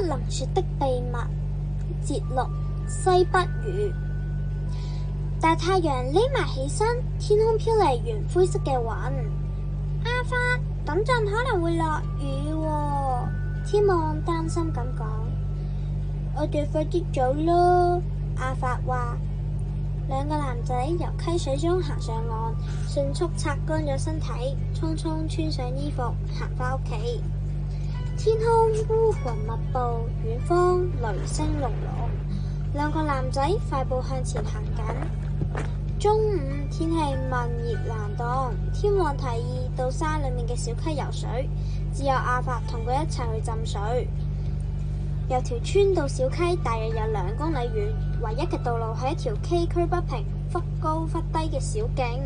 不能說的秘密，節錄西北雨，大太陽匿埋起身，天空飄嚟圓灰色嘅雲。阿發，等陣可能會落雨喎。天望擔心咁講，我哋快啲走咯。阿發話，兩個男仔由溪水中行上岸，迅速擦乾咗身體，匆匆穿上衣服，行返屋企。天空烏雲密布，遠方雷聲隆隆。兩個男仔快步向前行緊。中午天氣悶熱難當，天王提議到山裡面嘅小溪游水，只有阿發同佢一齊去浸水。由條村到小溪大約有兩公里遠，唯一嘅道路係一條崎嶇不平、忽高忽低嘅小徑。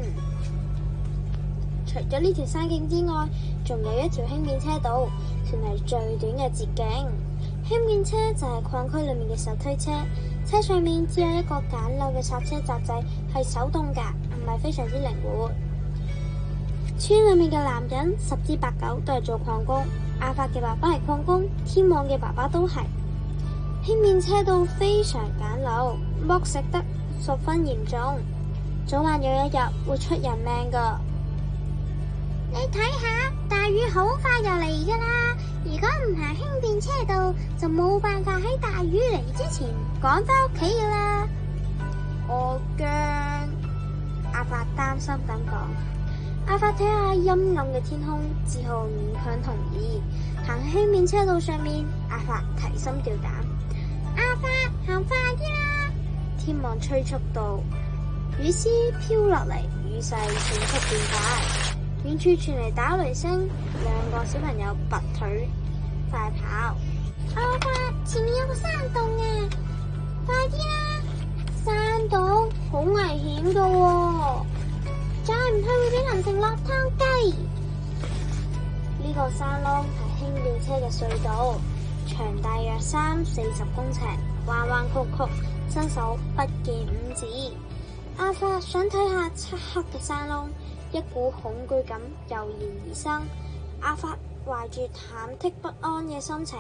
除咗呢條山徑之外，仲有一條輕便車道。係最短嘅捷徑，輕便車就係礦區裏面嘅手推車，車上面只有一個簡陋嘅剎車閘制，係手動噶，唔係非常之靈活。村裏面嘅男人十之八九都係做礦工，阿發嘅爸爸係礦工，天網嘅爸爸都係。輕便車道非常簡陋，剝蝕得十分嚴重，早晚有一日會出人命噶。你睇下，大雨好快就嚟噶啦！如果唔行輕便車道，就冇辦法喺大雨嚟之前趕翻屋企噶啦。我驚，阿發擔心咁講，阿發睇下陰暗嘅天空，只好勉強同意行輕便車道上面。阿發提心吊膽，阿發，行快啲啦！天望催促道，雨絲飄落嚟，雨勢迅速變大。遠處傳嚟打雷聲，兩個小朋友拔腿快跑。阿發、啊，前面有個山洞啊！快啲啦！山洞好危險㗎、哦，再唔去會俾淋成落湯雞。呢個山窿係輕便車嘅隧道，長大約三四十公尺，彎彎曲曲，伸手不見五指。阿、啊、發想睇下漆黑嘅山窿。一股恐懼感油然而生，阿發懷住忐忑不安嘅心情，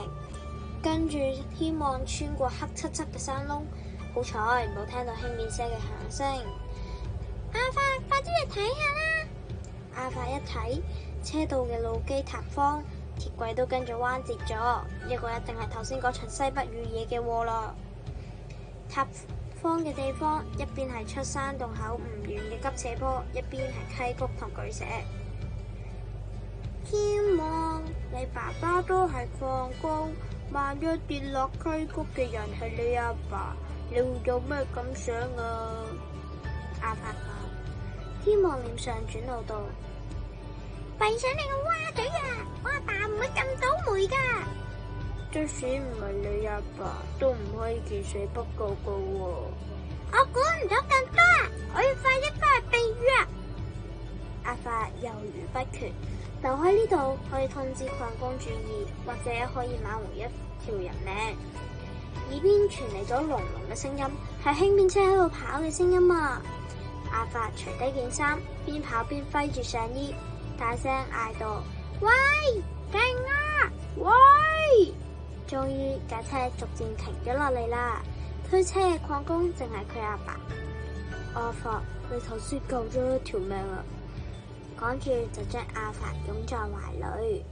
跟住希望穿過黑漆漆嘅山窿。好彩冇聽到輕便車嘅響聲。阿發，快啲嚟睇下啦！阿發一睇，車道嘅路基塌方，鐵軌都跟住彎折咗，呢個一定係頭先嗰場西北雨惹嘅禍咯。塌。方嘅地方，一邊係出山洞口唔遠嘅急斜坡，一邊係溪谷同巨石。天望，你爸爸都係放工，萬一跌落溪谷嘅人係你阿爸、爸，你會有咩感想啊？阿伯、啊，天望臉上轉怒道：閉上你個蛙嘴啊！我阿爸唔會咁倒霉㗎。即使唔係你阿爸，爸都唔可以見死不救嘅喎，我管唔到咁多，我要快啲翻去避雨。阿發猶豫不決，留喺呢度可以通知礦工注意，或者可以挽回一條人命。耳邊傳嚟咗隆隆嘅聲音，係輕便車喺度跑嘅聲音啊！阿發除低件衫，邊跑邊揮住上衣，大聲嗌道：喂，勁啊！喂！終於架車逐漸停咗落嚟啦。推車嘅礦工淨係佢阿爸。阿發，啊，你頭先救咗一條命啦，啊，趕住就將阿發擁在懷裏。